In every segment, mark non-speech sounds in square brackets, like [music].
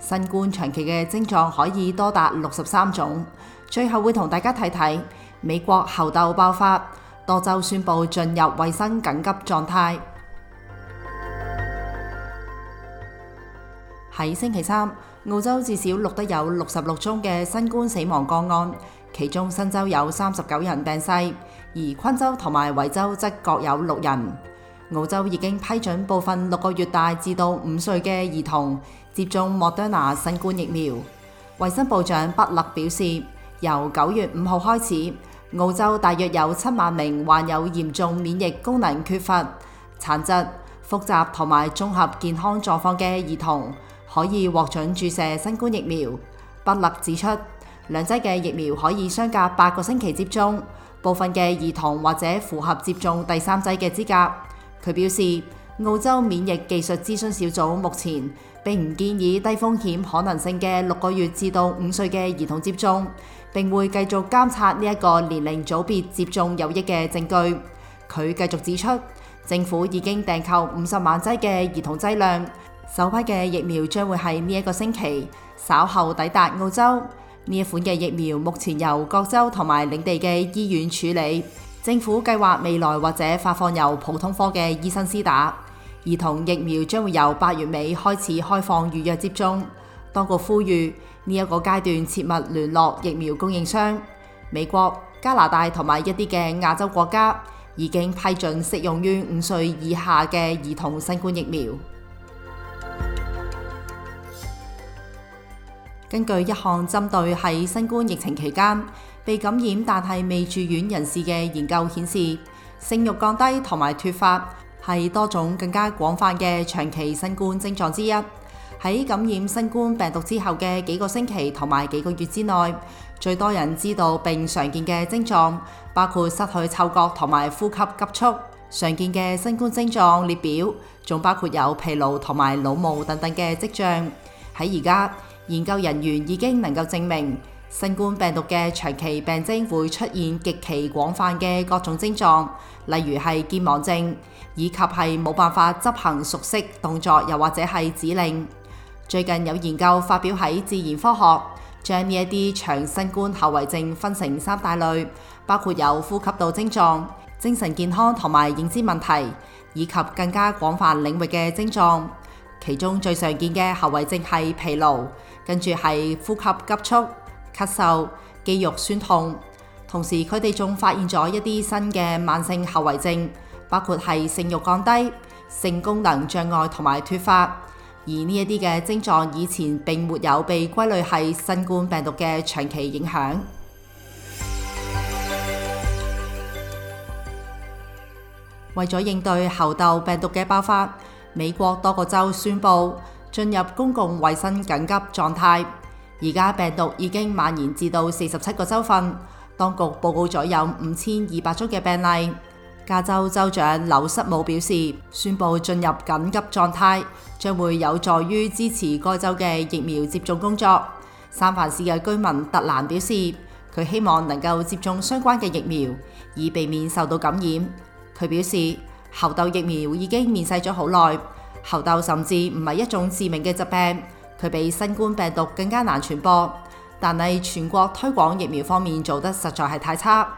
新冠長期嘅症狀可以多達六十三種，最後會同大家睇睇美國猴痘爆發，多州宣布進入衛生緊急狀態。喺星期三，澳洲至少錄得有六十六宗嘅新冠死亡個案，其中新州有三十九人病逝，而昆州同埋維州則各有六人。澳洲已經批准部分六個月大至到五歲嘅兒童接種莫德納新冠疫苗。衛生部長布勒表示，由九月五號開始，澳洲大約有七萬名患有嚴重免疫功能缺乏、殘疾、複雜同埋綜合健康狀況嘅兒童可以獲准注射新冠疫苗。布勒指出，兩劑嘅疫苗可以相隔八個星期接種，部分嘅兒童或者符合接種第三劑嘅資格。佢表示，澳洲免疫技術諮詢小組目前並唔建議低風險可能性嘅六個月至到五歲嘅兒童接種，並會繼續監察呢一個年齡組別接種有益嘅證據。佢繼續指出，政府已經訂購五十萬劑嘅兒童劑量，首批嘅疫苗將會喺呢一個星期稍後抵達澳洲。呢一款嘅疫苗目前由各州同埋領地嘅醫院處理。政府計劃未來或者發放由普通科嘅醫生施打兒童疫苗，將會由八月尾開始開放預約接種。當局呼籲呢一個階段切勿聯絡疫苗供應商。美國、加拿大同埋一啲嘅亞洲國家已經批准適用於五歲以下嘅兒童新冠疫苗。根據一項針對喺新冠疫情期間被感染但係未住院人士嘅研究顯示，性慾降低同埋脫髮係多種更加廣泛嘅長期新冠症狀之一。喺感染新冠病毒之後嘅幾個星期同埋幾個月之內，最多人知道並常見嘅症狀包括失去嗅覺同埋呼吸急促。常見嘅新冠症狀列表仲包括有疲勞同埋腦霧等等嘅跡象。喺而家，研究人員已經能夠證明。新冠病毒嘅長期病徵會出現極其廣泛嘅各種症狀，例如係健忘症，以及係冇辦法執行熟悉動作，又或者係指令。最近有研究發表喺《自然科學》，將呢一啲長新冠後遺症分成三大類，包括有呼吸道症狀、精神健康同埋認知問題，以及更加廣泛領域嘅症狀。其中最常見嘅後遺症係疲勞，跟住係呼吸急促。咳嗽、肌肉酸痛，同時佢哋仲發現咗一啲新嘅慢性後遺症，包括係性欲降低、性功能障礙同埋脫髮。而呢一啲嘅症狀以前並沒有被歸類係新冠病毒嘅長期影響。 [music] 為咗應對猴痘病毒嘅爆發，美國多個州宣布進入公共衛生緊急狀態。而家病毒已經蔓延至到四十七個州份，當局報告咗有五千二百宗嘅病例。加州州長紐斯姆表示，宣布進入緊急狀態，將會有助於支持該州嘅疫苗接種工作。三藩市嘅居民特蘭表示，佢希望能夠接種相關嘅疫苗，以避免受到感染。佢表示，猴痘疫苗已經面世咗好耐，猴痘甚至唔係一種致命嘅疾病。佢比新冠病毒更加難傳播，但係全國推廣疫苗方面做得實在係太差。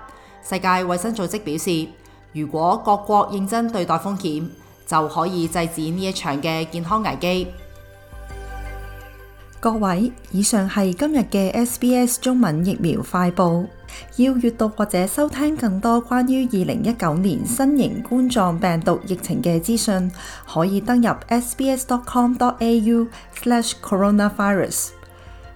世界衛生組織表示，如果各國認真對待風險，就可以制止呢一場嘅健康危機。各位，以上係今日嘅 SBS 中文疫苗快報。要閱讀或者收聽更多關於二零一九年新型冠狀病毒疫情嘅資訊，可以登入 sbs.com.au/coronavirus slash。